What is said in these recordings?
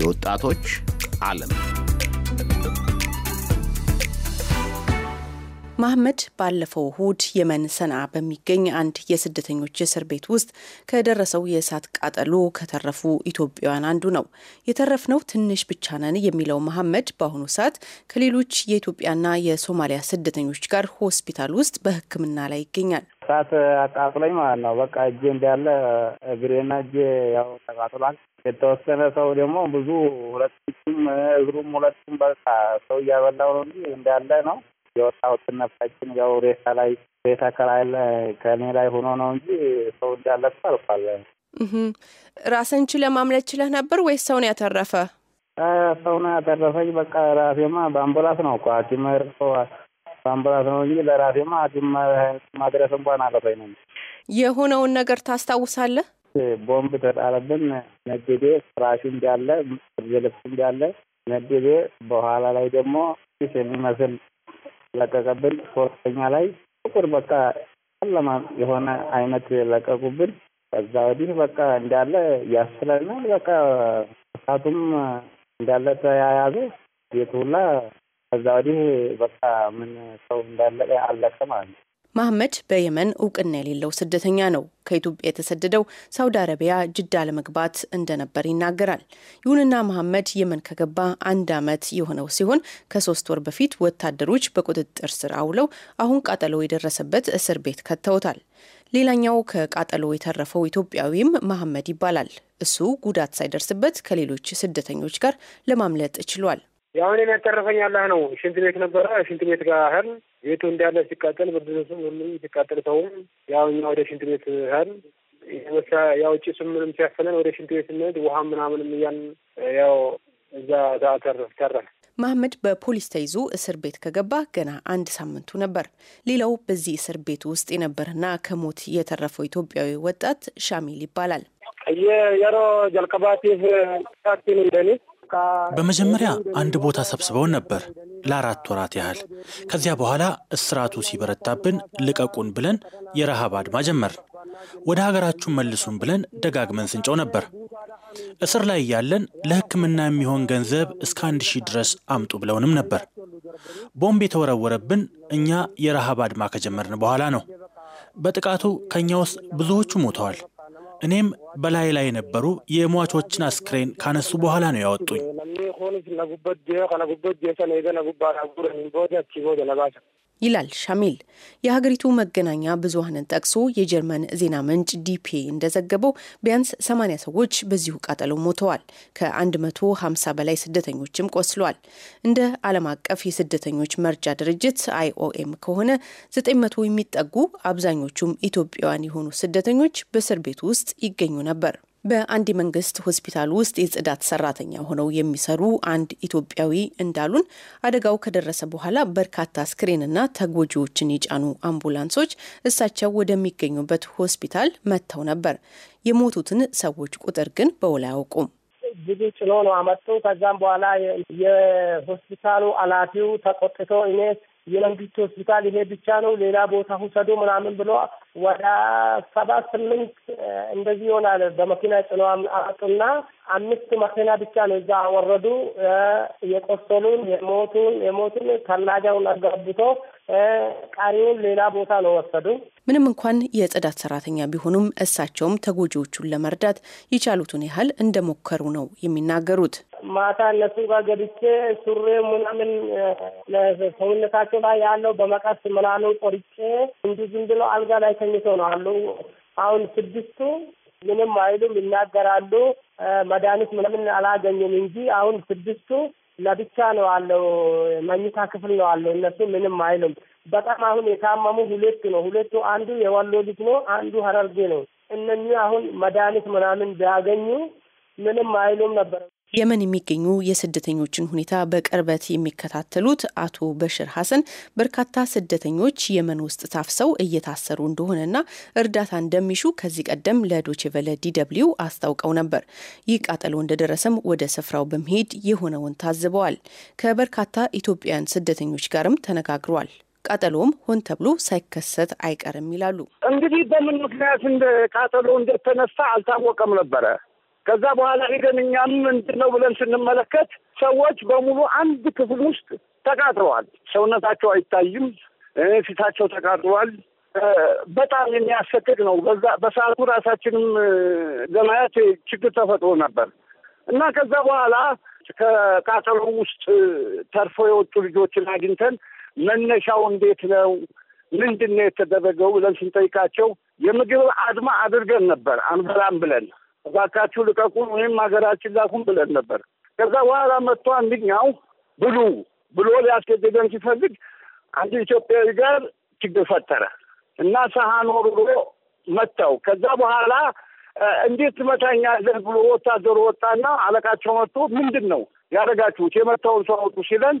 የወጣቶች ዓለም ማህመድ ባለፈው እሁድ የመን ሰንዓ በሚገኝ አንድ የስደተኞች እስር ቤት ውስጥ ከደረሰው የእሳት ቃጠሎ ከተረፉ ኢትዮጵያውያን አንዱ ነው። የተረፍነው ትንሽ ብቻ ነን የሚለው መሐመድ በአሁኑ ሰዓት ከሌሎች የኢትዮጵያና የሶማሊያ ስደተኞች ጋር ሆስፒታል ውስጥ በሕክምና ላይ ይገኛል። እሳት አቃጥሎኝ ማለት ነው። በቃ እጄ እንዳለ እግሬና እጄ ያው ተቃጥሏል። የተወሰነ ሰው ደግሞ ብዙ ሁለትም እግሩም ሁለትም በቃ ሰው እያበላው ነው እንጂ እንዳለ ነው የወጣሁትን ነፍሳችን ያው ሬሳ ላይ ሬሳ ከላይ ከእኔ ላይ ሆኖ ነው እንጂ ሰው እንዳለ እኮ አልፏል። ራስን ችለህ ማምለጥ ችለህ ነበር ወይስ ሰውን ያተረፈ? ሰው ነው ያተረፈኝ። በቃ ራሴማ በአምቡላንስ ነው እኮ ሐኪም ርሶ በአምቡላንስ ነው እንጂ ለራሴማ ሐኪም ማድረስ እንኳን አለፈኝ ነው። የሆነውን ነገር ታስታውሳለህ? ቦምብ ተጣለብን። ነግዴ ፍራሽ እንዳለ ብርድ እንዳለ ነግዴ፣ በኋላ ላይ ደግሞ ስ የሚመስል ለቀቀብን። ሶስተኛ ላይ ጥቁር በቃ ጨለማ የሆነ አይነት ለቀቁብን። ከዛ ወዲህ በቃ እንዳለ ያስለናል። በቃ እሳቱም እንዳለ ተያያዘ ቤቱ ሁላ። ከዛ ወዲህ በቃ ምን ሰው እንዳለ አለቀ ማለት ነው። ማህመድ በየመን እውቅና የሌለው ስደተኛ ነው። ከኢትዮጵያ የተሰደደው ሳውዲ አረቢያ ጅዳ ለመግባት እንደነበር ይናገራል። ይሁንና መሐመድ የመን ከገባ አንድ ዓመት የሆነው ሲሆን ከሶስት ወር በፊት ወታደሮች በቁጥጥር ስር አውለው አሁን ቃጠሎ የደረሰበት እስር ቤት ከተውታል። ሌላኛው ከቃጠሎ የተረፈው ኢትዮጵያዊም መሐመድ ይባላል። እሱ ጉዳት ሳይደርስበት ከሌሎች ስደተኞች ጋር ለማምለጥ ችሏል። ያሁን የሚያተረፈኝ አላህ ነው። ሽንት ቤት ነበረ። ሽንት ቤት ጋር ህል ቤቱ እንዳለ ሲቃጠል ብርድስም ሁሉ ሲቃጠል ሰውም ያው እኛ ወደ ሽንት ቤት ህል ያው ጭሱም ምንም ሲያፈለን ወደ ሽንት ቤት ስንሄድ ውሃ ምናምንም እያን ያው እዛ ተረፍ ተረፍ መሀመድ በፖሊስ ተይዞ እስር ቤት ከገባ ገና አንድ ሳምንቱ ነበር። ሌላው በዚህ እስር ቤት ውስጥ የነበረና ከሞት የተረፈው ኢትዮጵያዊ ወጣት ሻሚል ይባላል። የሮ ጀልቀባቲፍ ሳቲን በመጀመሪያ አንድ ቦታ ሰብስበውን ነበር ለአራት ወራት ያህል። ከዚያ በኋላ እስራቱ ሲበረታብን ልቀቁን ብለን የረሃብ አድማ ጀመርን። ወደ ሀገራችሁን መልሱን ብለን ደጋግመን ስንጨው ነበር። እስር ላይ እያለን ለሕክምና የሚሆን ገንዘብ እስከ አንድ ሺህ ድረስ አምጡ ብለውንም ነበር። ቦምብ የተወረወረብን እኛ የረሃብ አድማ ከጀመርን በኋላ ነው። በጥቃቱ ከእኛ ውስጥ ብዙዎቹ ሞተዋል። እኔም በላይ ላይ የነበሩ የሟቾችን አስክሬን ካነሱ በኋላ ነው ያወጡኝ። ይላል ሻሚል። የሀገሪቱ መገናኛ ብዙሀንን ጠቅሶ የጀርመን ዜና ምንጭ ዲፒ እንደዘገበው ቢያንስ 80 ሰዎች በዚሁ ቃጠሎ ሞተዋል። ከ150 በላይ ስደተኞችም ቆስለዋል። እንደ ዓለም አቀፍ የስደተኞች መርጃ ድርጅት አይኦኤም ከሆነ 900 የሚጠጉ አብዛኞቹም ኢትዮጵያውያን የሆኑ ስደተኞች በእስር ቤት ውስጥ ይገኙ ነበር። በአንድ መንግስት ሆስፒታል ውስጥ የጽዳት ሰራተኛ ሆነው የሚሰሩ አንድ ኢትዮጵያዊ እንዳሉን አደጋው ከደረሰ በኋላ በርካታ አስክሬንና ተጎጂዎችን የጫኑ አምቡላንሶች እሳቸው ወደሚገኙበት ሆስፒታል መጥተው ነበር። የሞቱትን ሰዎች ቁጥር ግን በውል አያውቁም። ብዙ ጭኖ ነው አመጡ። ከዛም በኋላ የሆስፒታሉ አላፊው ተቆጥቶ እኔ የመንግስት ሆስፒታል ይሄ ብቻ ነው፣ ሌላ ቦታ ሁሰዶ ምናምን ብሎ ወደ ሰባት ስምንት እንደዚህ ይሆናል በመኪና ጭነው አመጡና አምስት መኪና ብቻ ነው እዛ አወረዱ። የቆሰሉን የሞቱን የሞቱን ከላጃውን አገብቶ ቀሪውን ሌላ ቦታ ነው ወሰዱ። ምንም እንኳን የጽዳት ሰራተኛ ቢሆኑም እሳቸውም ተጎጂዎቹን ለመርዳት የቻሉትን ያህል እንደሞከሩ ነው የሚናገሩት። ማታ እነሱ ጋር ገብቼ ሱሬ ምናምን ሰውነታቸው ላይ ያለው በመቀስ ምናምን ቆርጬ እንዲ ዝም ብለው አልጋ ላይ ተኝቶ ነው አሉ። አሁን ስድስቱ ምንም አይሉም፣ ይናገራሉ። መድኃኒት ምናምን አላገኘም እንጂ አሁን ስድስቱ ለብቻ ነው አለው። መኝታ ክፍል ነው አለው። እነሱ ምንም አይሉም። በጣም አሁን የታመሙ ሁለቱ ነው። ሁለቱ አንዱ የወሎ ልጅ ነው፣ አንዱ ሀረርጌ ነው። እነኚህ አሁን መድኃኒት ምናምን ቢያገኙ ምንም አይሉም ነበር። የመን የሚገኙ የስደተኞችን ሁኔታ በቅርበት የሚከታተሉት አቶ በሽር ሀሰን በርካታ ስደተኞች የመን ውስጥ ታፍሰው እየታሰሩ እንደሆነና እርዳታ እንደሚሹ ከዚህ ቀደም ለዶችቨለ ዲደብሊው አስታውቀው ነበር። ይህ ቃጠሎ እንደደረሰም ወደ ስፍራው በመሄድ የሆነውን ታዝበዋል። ከበርካታ ኢትዮጵያውያን ስደተኞች ጋርም ተነጋግሯል። ቃጠሎም ሆን ተብሎ ሳይከሰት አይቀርም ይላሉ። እንግዲህ በምን ምክንያት ቃጠሎ እንደተነሳ አልታወቀም ነበረ ከዛ በኋላ ሄደን እኛም ምንድን ነው ብለን ስንመለከት ሰዎች በሙሉ አንድ ክፍል ውስጥ ተቃጥለዋል። ሰውነታቸው አይታይም፣ ፊታቸው ተቃጥሏል። በጣም የሚያሰቅቅ ነው። በዛ በሰዓቱ ራሳችንም ለማየት ችግር ተፈጥሮ ነበር እና ከዛ በኋላ ከቃጠሎ ውስጥ ተርፎ የወጡ ልጆችን አግኝተን መነሻው እንዴት ነው ምንድን ነው የተደረገው ብለን ስንጠይቃቸው የምግብ አድማ አድርገን ነበር አንበላም ብለን እባካችሁ ልቀቁን ወይም ሀገራችን ላኩን ብለን ነበር። ከዛ በኋላ መጥቶ አንድኛው ብሉ ብሎ ሊያስገድደን ሲፈልግ አንድ ኢትዮጵያዊ ጋር ችግር ፈጠረ እና ሰሃን ወርውሮ መታው። ከዛ በኋላ እንዴት ትመታኛለህ ብሎ ወታደሩ ወጣና አለቃቸው መጥቶ ምንድን ነው ያደረጋችሁት? የመታውን ሰው አውጡ ሲለን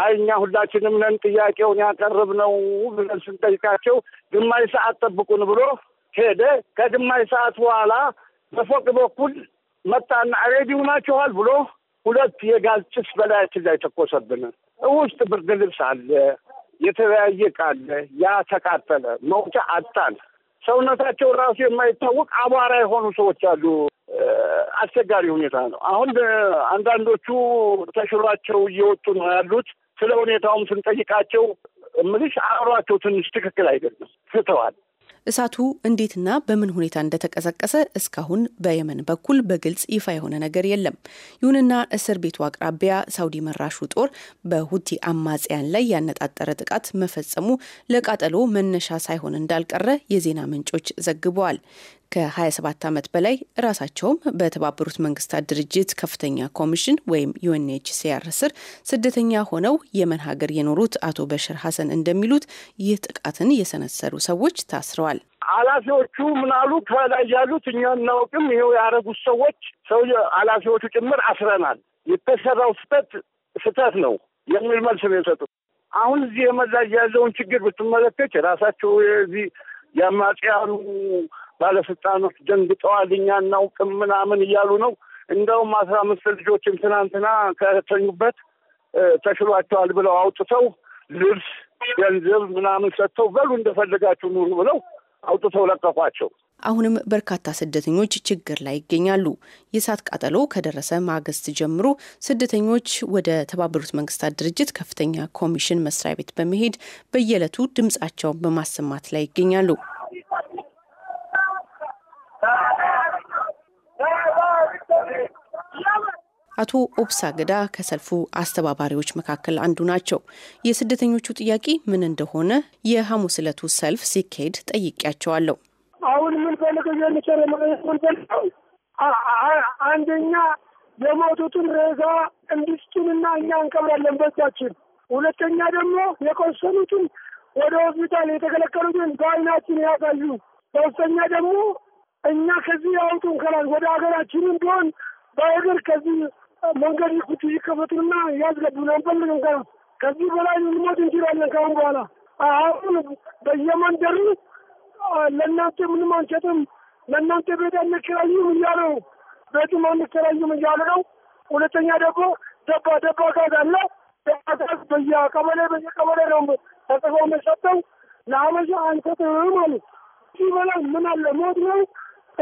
አይ እኛ ሁላችንም ነን ጥያቄውን ያቀርብ ነው ብለን ስንጠይቃቸው ግማሽ ሰዓት ጠብቁን ብሎ ሄደ። ከግማሽ ሰዓት በኋላ በፎቅ በኩል መጣና ሬዲ ናችኋል ብሎ ሁለት የጋዝ ጭስ በላያችን ላይ ተኮሰብን። ውስጥ ብርድ ልብስ አለ፣ የተለያየ ዕቃ አለ። ያ ተቃጠለ። መውጫ አጣን። ሰውነታቸው ራሱ የማይታወቅ አቧራ የሆኑ ሰዎች አሉ። አስቸጋሪ ሁኔታ ነው። አሁን አንዳንዶቹ ተሽሏቸው እየወጡ ነው ያሉት። ስለ ሁኔታውም ስንጠይቃቸው ምልሽ አእሯቸው ትንሽ ትክክል አይደለም፣ ስተዋል እሳቱ እንዴትና በምን ሁኔታ እንደተቀሰቀሰ እስካሁን በየመን በኩል በግልጽ ይፋ የሆነ ነገር የለም። ይሁንና እስር ቤቱ አቅራቢያ ሳውዲ መራሹ ጦር በሁቲ አማጽያን ላይ ያነጣጠረ ጥቃት መፈጸሙ ለቃጠሎ መነሻ ሳይሆን እንዳልቀረ የዜና ምንጮች ዘግበዋል። ከ27 ዓመት በላይ ራሳቸውም በተባበሩት መንግስታት ድርጅት ከፍተኛ ኮሚሽን ወይም ዩኤንኤችሲአር ስር ስደተኛ ሆነው የመን ሀገር የኖሩት አቶ በሽር ሀሰን እንደሚሉት ይህ ጥቃትን የሰነሰሩ ሰዎች ታስረዋል። ኃላፊዎቹ ምናሉ ከላይ ያሉት እኛ እናውቅም። ይኸው ያደረጉት ሰዎች ሰው ኃላፊዎቹ ጭምር አስረናል። የተሰራው ስህተት ስህተት ነው የሚል መልስ ነው የሰጡት። አሁን እዚህ የመዛጅ ያለውን ችግር ብትመለከች ራሳቸው የዚህ የአማጽያኑ ባለስልጣኖች ደንግጠዋል፣ እኛ እናውቅም ምናምን እያሉ ነው። እንደውም አስራ አምስት ልጆችም ትናንትና ከተኙበት ተሽሏቸዋል ብለው አውጥተው ልብስ፣ ገንዘብ ምናምን ሰጥተው በሉ እንደፈለጋችሁ ኑሩ ብለው አውጥተው ለቀቋቸው። አሁንም በርካታ ስደተኞች ችግር ላይ ይገኛሉ። የእሳት ቃጠሎ ከደረሰ ማግስት ጀምሮ ስደተኞች ወደ ተባበሩት መንግስታት ድርጅት ከፍተኛ ኮሚሽን መስሪያ ቤት በመሄድ በየዕለቱ ድምጻቸውን በማሰማት ላይ ይገኛሉ። አቶ ኦብሳ ገዳ ከሰልፉ አስተባባሪዎች መካከል አንዱ ናቸው። የስደተኞቹ ጥያቄ ምን እንደሆነ የሐሙስ ዕለቱ ሰልፍ ሲካሄድ ጠይቄያቸዋለሁ። አሁን ምን የንቸር የምንፈልገው አንደኛ የሞቱትን ሬሳ እንዲስጡንና እኛ እንቀብራለን በቻችን ሁለተኛ ደግሞ የቆሰሉትን ወደ ሆስፒታል የተከለከሉትን በአይናችን ያሳዩ። ሶስተኛ ደግሞ እኛ ከዚህ ያውጡን ከላል ወደ ሀገራችንም ቢሆን በእግር ከዚህ መንገድ ይኩት ይከፈቱና ያስገቡን አንፈልግም ከላት ከዚህ በላይ ልንሞት እንችላለን። ካሁን በኋላ አሁን በየመንደሩ ለእናንተ ምንም አንሸጥም፣ ለእናንተ ቤት አንከራይም እያለ ነው። ቤትም አንከራይም እያለ ነው። ሁለተኛ ደግሞ ደባ ደባ ጋዝ አለ። ደባ ጋዝ በየቀበሌ በየቀበሌ ነው ተጽፎ መሰጠው። ለአመሻ አንሰጥም ማለት ይህ በላይ ምን አለ ሞት ነው።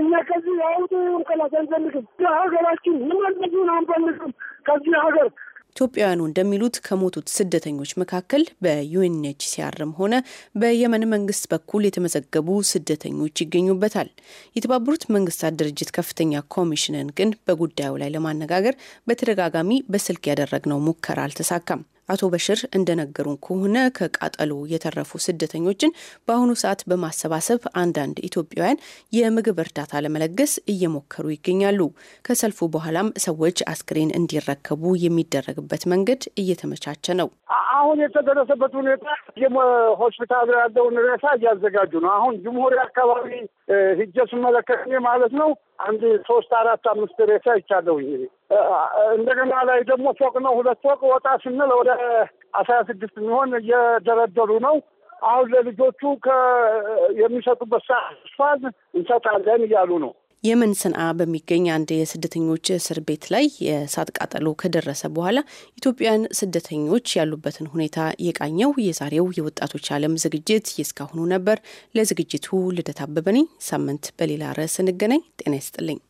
እኛ ከዚህ አውጡ ከላት አንፈልግም። ሀገራችን ልመልመዱን አንፈልግም ከዚህ ሀገር። ኢትዮጵያውያኑ እንደሚሉት ከሞቱት ስደተኞች መካከል በዩኤንኤችሲአርም ሆነ በየመን መንግስት በኩል የተመዘገቡ ስደተኞች ይገኙበታል። የተባበሩት መንግስታት ድርጅት ከፍተኛ ኮሚሽንን ግን በጉዳዩ ላይ ለማነጋገር በተደጋጋሚ በስልክ ያደረግነው ሙከራ አልተሳካም። አቶ በሽር እንደነገሩን ከሆነ ከቃጠሎ የተረፉ ስደተኞችን በአሁኑ ሰዓት በማሰባሰብ አንዳንድ ኢትዮጵያውያን የምግብ እርዳታ ለመለገስ እየሞከሩ ይገኛሉ። ከሰልፉ በኋላም ሰዎች አስክሬን እንዲረከቡ የሚደረግበት መንገድ እየተመቻቸ ነው። አሁን የተደረሰበት ሁኔታ ሆስፒታል ያለውን ሬሳ እያዘጋጁ ነው። አሁን ጅምሁሪ አካባቢ ሂጄ ስመለከት ማለት ነው አንድ ሶስት አራት አምስት ሬሳ ይቻለሁ። እንደገና ላይ ደግሞ ፎቅ ነው ሁለት ፎቅ ወጣ ስንል ወደ አስራ ስድስት የሚሆን እየደረደሩ ነው። አሁን ለልጆቹ የሚሰጡበት ሰዓት እንሰጣለን እያሉ ነው። የመን ሰንዓ በሚገኝ አንድ የስደተኞች እስር ቤት ላይ የእሳት ቃጠሎ ከደረሰ በኋላ ኢትዮጵያን ስደተኞች ያሉበትን ሁኔታ የቃኘው የዛሬው የወጣቶች ዓለም ዝግጅት የእስካሁኑ ነበር። ለዝግጅቱ ልደት አበበ ነኝ። ሳምንት በሌላ ርዕስ እንገናኝ። ጤና ይስጥልኝ።